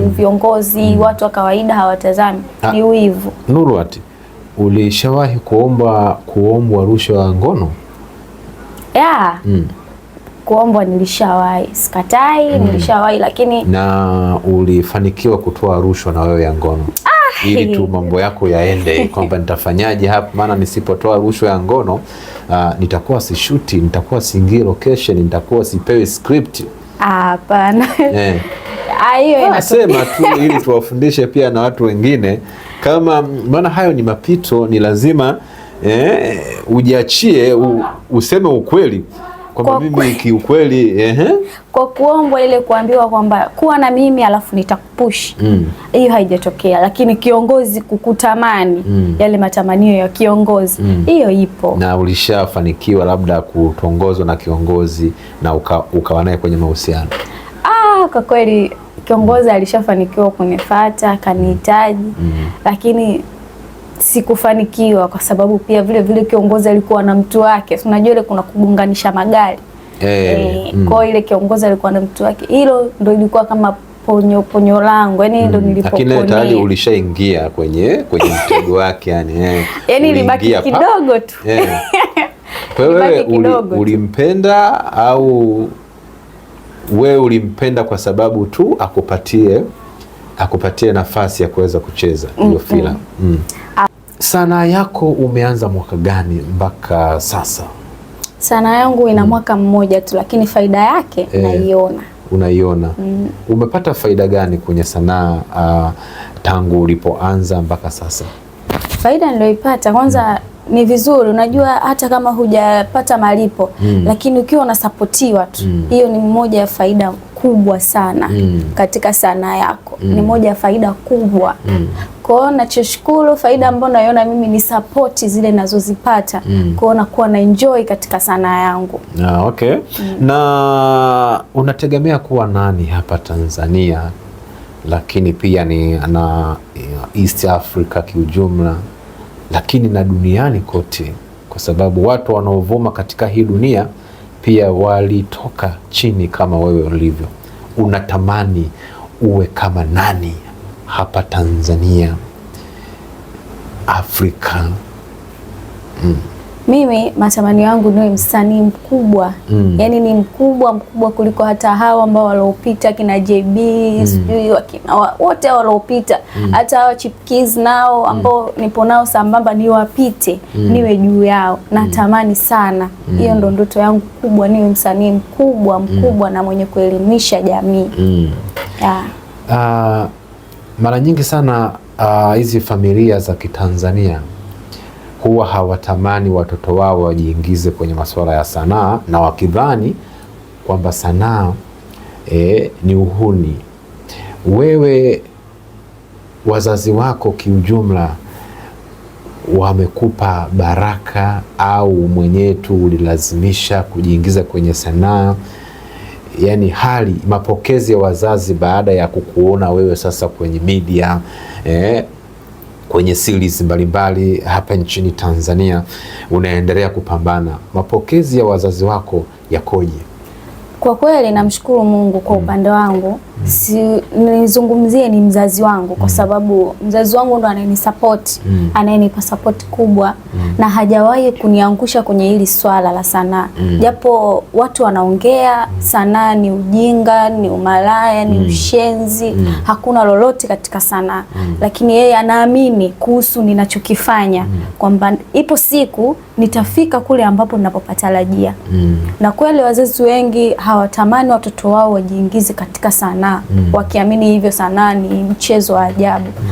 viongozi, watu wa kawaida hawatazami, ah, ni wivu. Nurwat, ulishawahi kuomba kuombwa rushwa ngono? Yeah. Mm. Kuombwa nilishawahi, sikatai. Mm. Nilishawahi, lakini na ulifanikiwa kutoa rushwa na wewe ya ngono ah, ili tu mambo yako yaende kwamba nitafanyaje hapa, maana nisipotoa rushwa ya ngono uh, nitakuwa sishuti, nitakuwa siingie location, nitakuwa sipewi script. Hapana. yeah. Ah, ah, Nasema tu ili tuwafundishe pia na watu wengine, kama maana hayo ni mapito, ni lazima eh, ujiachie useme ukweli kwamba mimi kiukweli eh, kwa kuombwa ile kuambiwa kwamba kuwa na mimi alafu nitakupush mm. Hiyo haijatokea, lakini kiongozi kukutamani mm. Yale matamanio ya kiongozi mm. hiyo mm. Ipo na ulishafanikiwa labda kutongozwa na kiongozi na ukawa uka naye kwenye mahusiano ah, kwa kweli kiongozi alishafanikiwa kunifata akanihitaji mm. lakini sikufanikiwa kwa sababu pia vile vile kiongozi alikuwa na mtu wake, si unajua ile kuna kugonganisha magari hey, eh, e, eh, mm. kwa ile kiongozi alikuwa na mtu wake, hilo ndo ilikuwa kama ponyo ponyo langu yani mm. ndo nilipoponea. Lakini tayari ulishaingia kwenye kwenye mtego wake yani eh, yani ilibaki kidogo tu yeah. Kwa hiyo wewe ulimpenda au wewe ulimpenda kwa sababu tu akupatie akupatie nafasi ya kuweza kucheza mm, hiyo mm -mm. filamu mm. Sanaa yako umeanza mwaka gani mpaka sasa? Sanaa yangu ina mm. mwaka mmoja tu, lakini faida yake e, naiona. Unaiona mm. Umepata faida gani kwenye sanaa uh, tangu ulipoanza mpaka sasa? Faida niliyoipata kwanza mm ni vizuri, unajua hata kama hujapata malipo mm. lakini ukiwa unasapotiwa tu hmm. hiyo mm. ni moja ya faida kubwa sana mm. katika sanaa yako mm. ni hmm. moja ya faida kubwa mm. Kwa hiyo nachoshukuru, faida ambayo naiona mimi ni sapoti zile nazozipata mm. kwa hiyo nakuwa na enjoy katika sanaa yangu. Ah, okay mm. na unategemea kuwa nani hapa Tanzania, lakini pia ni na eh, East Africa kiujumla? lakini na duniani kote, kwa sababu watu wanaovuma katika hii dunia pia walitoka chini kama wewe ulivyo. Unatamani uwe kama nani hapa Tanzania, Afrika? mm mimi matamanio yangu niwe msanii mkubwa mm. Yaani ni mkubwa mkubwa kuliko hata hawa ambao waliopita kina JB mm. sijui wote hao waliopita mm. hata hawa chipkiz nao mm. ambao mm. nipo nao sambamba niwapite mm. niwe juu yao mm. natamani sana mm. hiyo mm. ndo ndoto yangu kubwa, niwe msanii mkubwa mkubwa mm. na mwenye kuelimisha jamii mm. yeah. Uh, mara nyingi sana ah, hizi uh, familia za Kitanzania huwa hawatamani watoto wao wajiingize kwenye masuala ya sanaa, na wakidhani kwamba sanaa e, ni uhuni. Wewe wazazi wako kiujumla wamekupa baraka au mwenyewe tu ulilazimisha kujiingiza kwenye sanaa? Yaani hali mapokezi ya wazazi baada ya kukuona wewe sasa kwenye media eh, kwenye series mbalimbali hapa nchini Tanzania unaendelea kupambana, mapokezi ya wazazi wako yakoje? Kwa kweli namshukuru Mungu kwa mm. upande wangu si nizungumzie ni mzazi wangu kwa mm. sababu mzazi wangu ndo anayenisapoti mm. anayenipa support kubwa mm. na hajawahi kuniangusha kwenye hili swala la sanaa mm. japo watu wanaongea sanaa ni ujinga, ni umalaya, ni mm. ushenzi mm. hakuna lolote katika sanaa mm. lakini yeye anaamini kuhusu ninachokifanya mm. kwamba ipo siku nitafika kule ambapo ninapopatarajia mm. na kweli wazazi wengi hawatamani watoto wao wajiingize katika sanaa sanaa mm. wakiamini hivyo sanaa ni mchezo wa ajabu mm.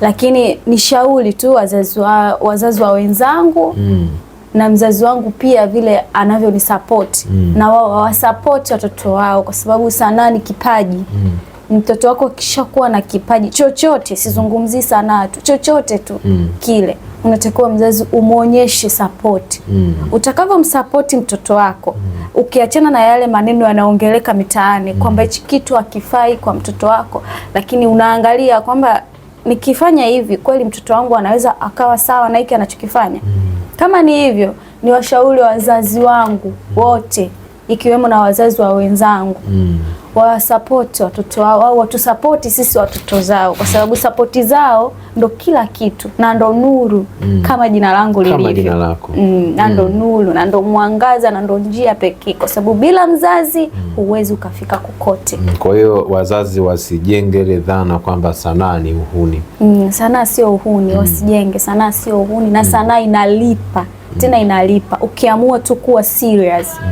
Lakini shauli tu wazazi wa, wazazi wa wenzangu mm. na mzazi wangu pia vile anavyonisapoti mm. na wao wawasapoti watoto wao kwa sababu sanaa ni kipaji mm mtoto wako kuwa na kipaji chochote, sizungumzi sanaa tu, chochote tu mm. kile unatakiwa mzazi umwonyeshe sapoti mm. utakavyomsapoti mtoto wako mm. ukiachana na yale maneno yanaongeleka mitaani mm. kwamba hichi kitu hakifai kwa mtoto wako, lakini unaangalia kwamba nikifanya hivi kweli mtoto wangu anaweza akawa sawa na hiki anachokifanya mm. kama ni hivyo, ni washauri wazazi wangu mm. wote ikiwemo na wazazi wa wenzangu mm. wasapoti watoto wao au watusapoti sisi watoto zao, kwa sababu sapoti zao ndo kila kitu na ndo nuru mm. kama jina langu lilivyo mm, na ndo mm. nuru na ndo mwangaza na ndo njia pekee, kwa sababu bila mzazi mm. huwezi mm. ukafika kokote mm. kwa hiyo wazazi wasijenge ile dhana kwamba sanaa ni uhuni mm, sanaa sio uhuni mm. wasijenge sanaa sio uhuni na mm. sanaa inalipa tena mm. inalipa ukiamua tu kuwa serious mm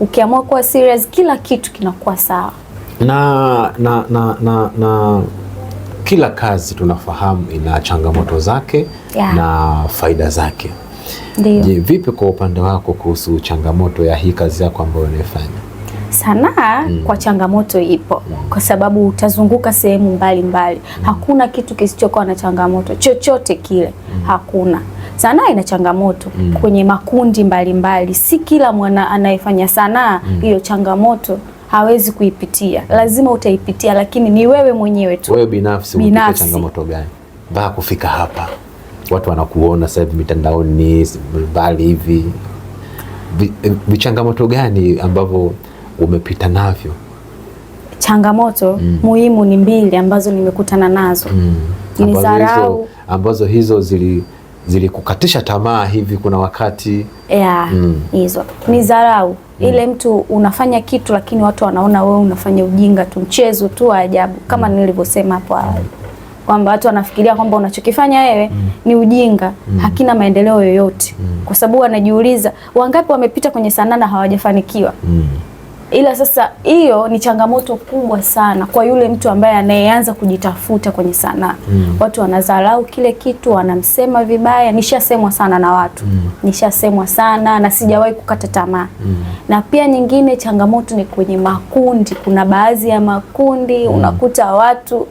ukiamua kuwa serious, kila kitu kinakuwa sawa na, na, na, na, na kila kazi tunafahamu ina changamoto zake yeah, na faida zake. Je, vipi kwa upande wako kuhusu changamoto ya hii kazi yako ambayo unaifanya sanaa? Mm. Kwa changamoto ipo, mm. kwa sababu utazunguka sehemu mbalimbali. Mm. Hakuna kitu kisichokuwa na changamoto, chochote kile. Mm. Hakuna sanaa ina changamoto mm. kwenye makundi mbalimbali mbali. Si kila mwana anayefanya sanaa mm. hiyo mm. changamoto hawezi kuipitia, lazima utaipitia, lakini ni wewe mwenyewe tu, wewe binafsi, binafsi. changamoto gani mpaka kufika hapa, watu wanakuona sasa hivi mitandaoni mbali hivi, vichangamoto gani ambavyo umepita navyo? Changamoto mm. muhimu ni mbili ambazo nimekutana nazo mm. ni dharau ambazo hizo zili zilikukatisha tamaa hivi? Kuna wakati yeah, mm. hizo mm. ni dharau mm. ile mtu unafanya kitu lakini watu wanaona wewe unafanya ujinga tu, mchezo tu wa ajabu kama mm. nilivyosema hapo awali mm. kwamba watu wanafikiria kwamba unachokifanya wewe mm. ni ujinga mm. hakina maendeleo yoyote mm. kwa sababu wanajiuliza wangapi wamepita kwenye sanaa na hawajafanikiwa mm ila sasa hiyo ni changamoto kubwa sana kwa yule mtu ambaye anayeanza kujitafuta kwenye sanaa mm. Watu wanadharau kile kitu, wanamsema vibaya. Nishasemwa sana na watu mm. Nishasemwa sana na sijawahi kukata tamaa mm. Na pia nyingine changamoto ni kwenye makundi. Kuna baadhi ya makundi mm. Unakuta watu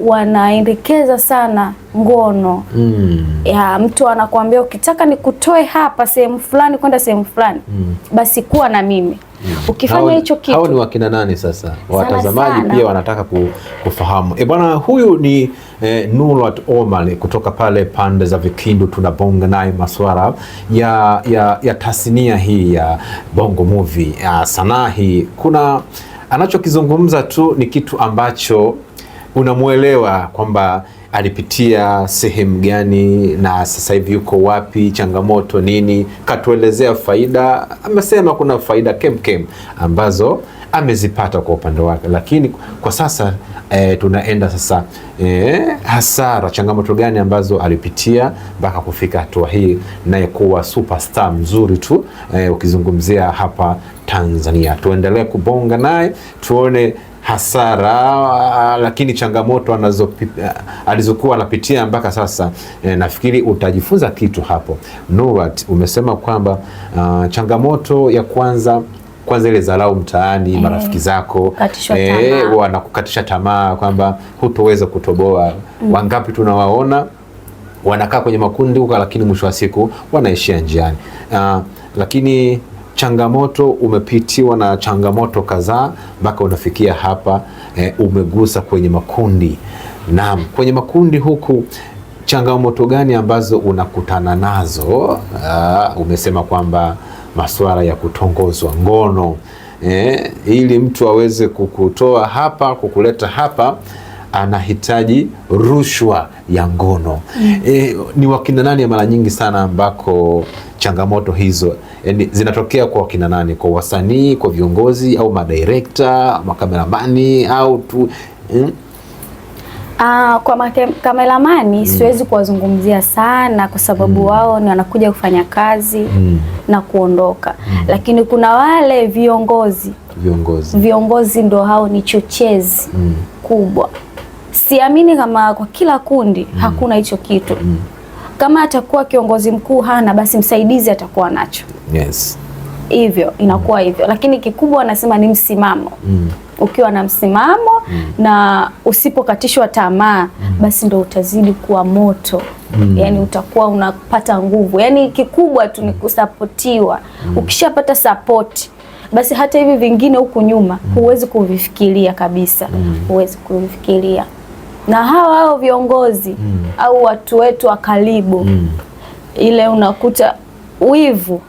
wanaendekeza sana ngono mm. ya mtu anakuambia ukitaka nikutoe hapa sehemu fulani kwenda sehemu fulani mm. basi kuwa na mimi Ukifanya hicho kitu. Hao ni wakina nani sasa? Watazamaji pia wanataka kufahamu. E bwana, huyu ni eh, Nurat Omar kutoka pale pande za Vikindu, tunabonga naye masuala ya, ya, ya tasnia hii ya bongo movie ya ah, sanaa hii. Kuna anachokizungumza tu ni kitu ambacho unamwelewa kwamba alipitia sehemu gani na sasa hivi yuko wapi, changamoto nini, katuelezea faida. Amesema kuna faida kemkem ambazo amezipata kwa upande wake, lakini kwa sasa e, tunaenda sasa e, hasara, changamoto gani ambazo alipitia mpaka kufika hatua hii naye kuwa superstar mzuri tu e, ukizungumzia hapa Tanzania. Tuendelee kubonga naye tuone hasara, ah, lakini changamoto ah, alizokuwa anapitia mpaka sasa e, nafikiri utajifunza kitu hapo. Nurat umesema kwamba uh, changamoto ya kwanza kwanza ile dharau mtaani e, marafiki zako e, eh, wanakukatisha tamaa kwamba hutoweza kutoboa mm. wangapi tunawaona wanakaa kwenye makundi huko, lakini mwisho wa siku wanaishia njiani uh, lakini changamoto, umepitiwa na changamoto kadhaa mpaka unafikia hapa eh, umegusa kwenye makundi. Naam, kwenye makundi huku changamoto gani ambazo unakutana nazo? Uh, umesema kwamba masuala ya kutongozwa ngono eh, ili mtu aweze kukutoa hapa kukuleta hapa anahitaji rushwa ya ngono mm. E, ni wakina nani mara nyingi sana ambako changamoto hizo e, zinatokea kwa wakina nani? Kwa wasanii, kwa viongozi au madirekta, makameramani au tu mm? Uh, kwa kameramani mm. siwezi kuwazungumzia sana kwa sababu mm. wao ni wanakuja kufanya kazi mm. na kuondoka mm. Lakini kuna wale viongozi viongozi, viongozi ndo hao ni chochezi mm. kubwa siamini kama kwa kila kundi mm. hakuna hicho kitu mm. kama atakuwa kiongozi mkuu hana, basi msaidizi atakuwa nacho yes. Hivyo inakuwa hivyo, lakini kikubwa anasema ni msimamo mm. Ukiwa na msimamo mm. na usipokatishwa tamaa mm. basi ndo utazidi kuwa moto mm. Yani utakuwa unapata nguvu, yani kikubwa tu ni kusapotiwa mm. Ukishapata sapoti basi hata hivi vingine huku nyuma mm. huwezi kuvifikiria kabisa, mm. huwezi kuvifikiria na hawa hao viongozi mm. au watu wetu wa karibu mm. ile unakuta wivu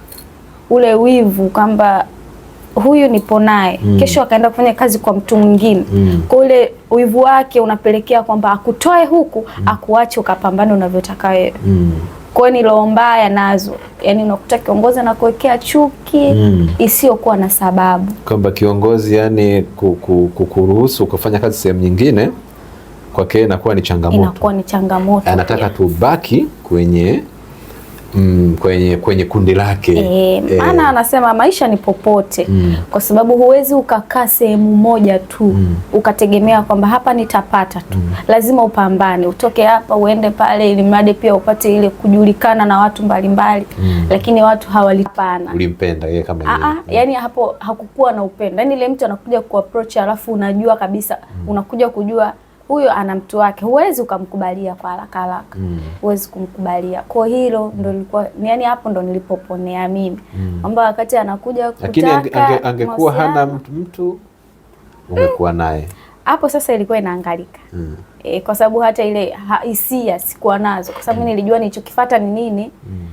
ule wivu kwamba huyu nipo naye mm. kesho akaenda kufanya kazi kwa mtu mwingine mm. kwa ule wivu wake unapelekea kwamba akutoe huku mm. akuache ukapambana unavyotaka wewe mm. kwa ni roho mbaya nazo, yani unakuta kiongozi anakuwekea chuki mm. isiyokuwa na sababu, kwamba kiongozi yani kukuruhusu kufanya kazi sehemu nyingine kwake inakuwa ni changamoto, inakuwa ni changamoto. Anataka tubaki kwenye Mm, kwenye, kwenye kundi lake e, maana e, anasema maisha ni popote mm, kwa sababu huwezi ukakaa sehemu moja tu mm, ukategemea kwamba hapa nitapata tu mm, lazima upambane, utoke hapa uende pale, ili mradi pia upate ile kujulikana na watu mbalimbali mbali. Mm, lakini watu hawalipana. Ulimpenda yeye kama ah, yeye? Mm, ah, yani hapo hakukuwa na upendo, yani ile mtu anakuja ku approach alafu unajua kabisa mm, unakuja kujua huyo ana mtu wake, huwezi ukamkubalia kwa haraka haraka mm. huwezi kumkubalia kwa hilo ndo nilikuwa yani, hapo ndo nilipoponea mimi mm. kwamba mm. wakati anakuja kutaka, ange, ange hana mtu, mtu ungekuwa naye hapo sasa ilikuwa inaangalika mm. E, kwa sababu hata ile hisia sikuwa nazo, kwa sababu mm. nilijua nilichokifuata ni nini mm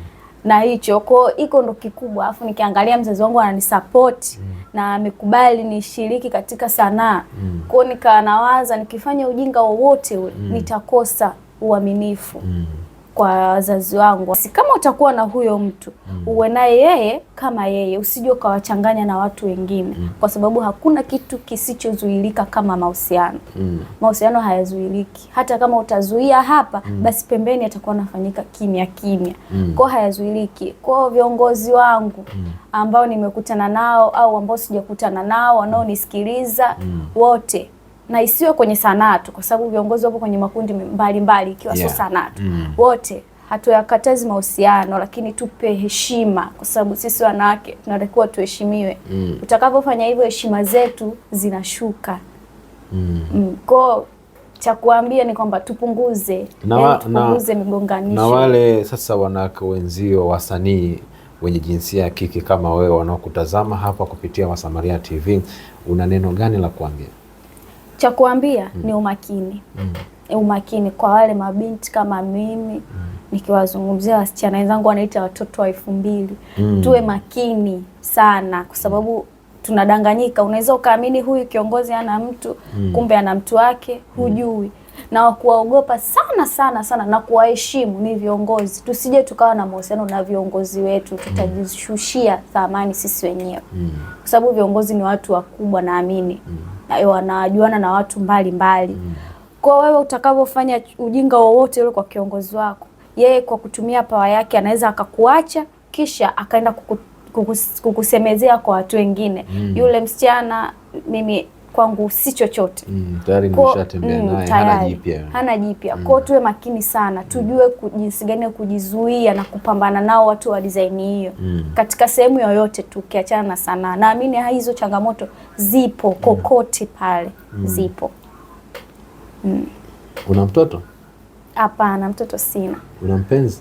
na hicho ko iko ndo kikubwa, alafu nikiangalia mzazi wangu ananisapoti mm. na amekubali nishiriki katika sanaa mm. kwao, nikanawaza nikifanya ujinga wowote ule mm. nitakosa uaminifu mm kwa wazazi wangu, kama utakuwa na huyo mtu mm. uwe naye yeye kama yeye, usije ukawachanganya na watu wengine mm. kwa sababu hakuna kitu kisichozuilika kama mahusiano mm. mahusiano hayazuiliki. Hata kama utazuia hapa mm. basi pembeni atakuwa anafanyika kimya kimya mm. kwao, hayazuiliki. Kwao viongozi wangu mm. ambao nimekutana nao au ambao sijakutana nao wanaonisikiliza mm. wote na isiwe kwenye sanaa tu, kwa sababu viongozi wapo kwenye makundi mbalimbali, ikiwa yeah. sio sanaa tu mm. wote hatuyakatazi mahusiano, lakini tupe heshima, kwa sababu sisi wanawake tunatakiwa tuheshimiwe mm. Utakapofanya hivyo heshima zetu zinashuka mm. Mm. Ko cha kuambia ni kwamba tupunguze na, yani tupunguze migonganisho na wale sasa wanawake wenzio wasanii wenye jinsia ya kike kama wewe wanaokutazama hapa kupitia Wasamaria TV, una neno gani la kuambia? cha kuambia mm. ni umakini mm. E, umakini kwa wale mabinti kama mimi mm. nikiwazungumzia wasichana wenzangu wanaita watoto wa elfu mbili mm. tuwe makini sana, kwa sababu tunadanganyika. Unaweza ukaamini huyu kiongozi ana mtu mm. kumbe ana mtu wake, hujui mm na kuwaogopa sana sana sana na kuwaheshimu ni viongozi. Tusije tukawa na mahusiano na viongozi wetu, tutajishushia thamani sisi wenyewe, mm. kwa sababu viongozi ni watu wakubwa, naamini mm. na wanajuana na watu mbalimbali. Mm. Kwa wewe utakavyofanya ujinga wowote ule kwa kiongozi wako, yeye kwa kutumia pawa yake anaweza akakuacha kisha akaenda kukusemezea kwa watu wengine mm. Yule msichana mimi kwangu si chochote mm, mm, hana jipya, ko mm. Kwao tuwe makini sana, mm. tujue jinsi gani ya kujizuia na kupambana nao watu wa dizaini hiyo mm. katika sehemu yoyote tu, ukiachana na sanaa, naamini hizo changamoto zipo kokote pale mm. zipo mm. Una mtoto? Hapana, mtoto sina. Una mpenzi?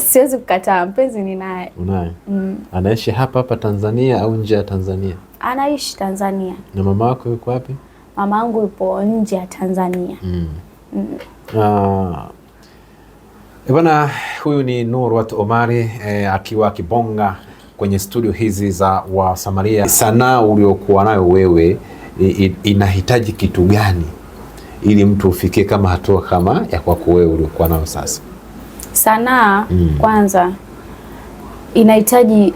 Siwezi kukataa, mpenzi ninaye. Unaye? mm. Anaishi hapa hapa Tanzania au nje ya Tanzania? anaishi Tanzania. Na mama yako yuko wapi? Mama yangu yupo nje ya Tanzania. mm. Mm. Ah. Eh, bwana huyu ni Nurwat Omari eh, akiwa akibonga kwenye studio hizi za Wasamaria. Sanaa uliokuwa nayo wewe inahitaji kitu gani ili mtu ufikie kama hatua kama ya kwako wewe uliokuwa nayo sasa? Sanaa mm. kwanza inahitaji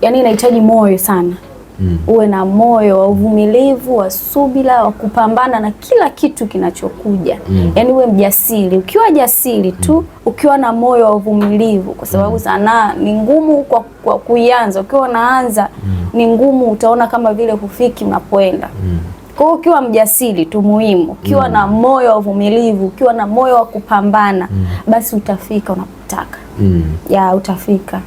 yani, inahitaji moyo sana mm. uwe na moyo wa uvumilivu wa subira wa kupambana na kila kitu kinachokuja mm. Yaani uwe mjasiri. Ukiwa jasiri tu mm. ukiwa na moyo wa uvumilivu, kwa sababu mm. sanaa ni ngumu kwa, kwa kuianza. Ukiwa unaanza mm. ni ngumu, utaona kama vile hufiki unapoenda mm. Kwa hiyo ukiwa mjasiri tu muhimu, ukiwa mm. na moyo wa uvumilivu, ukiwa na moyo wa kupambana mm. basi utafika unapotaka mm. ya utafika.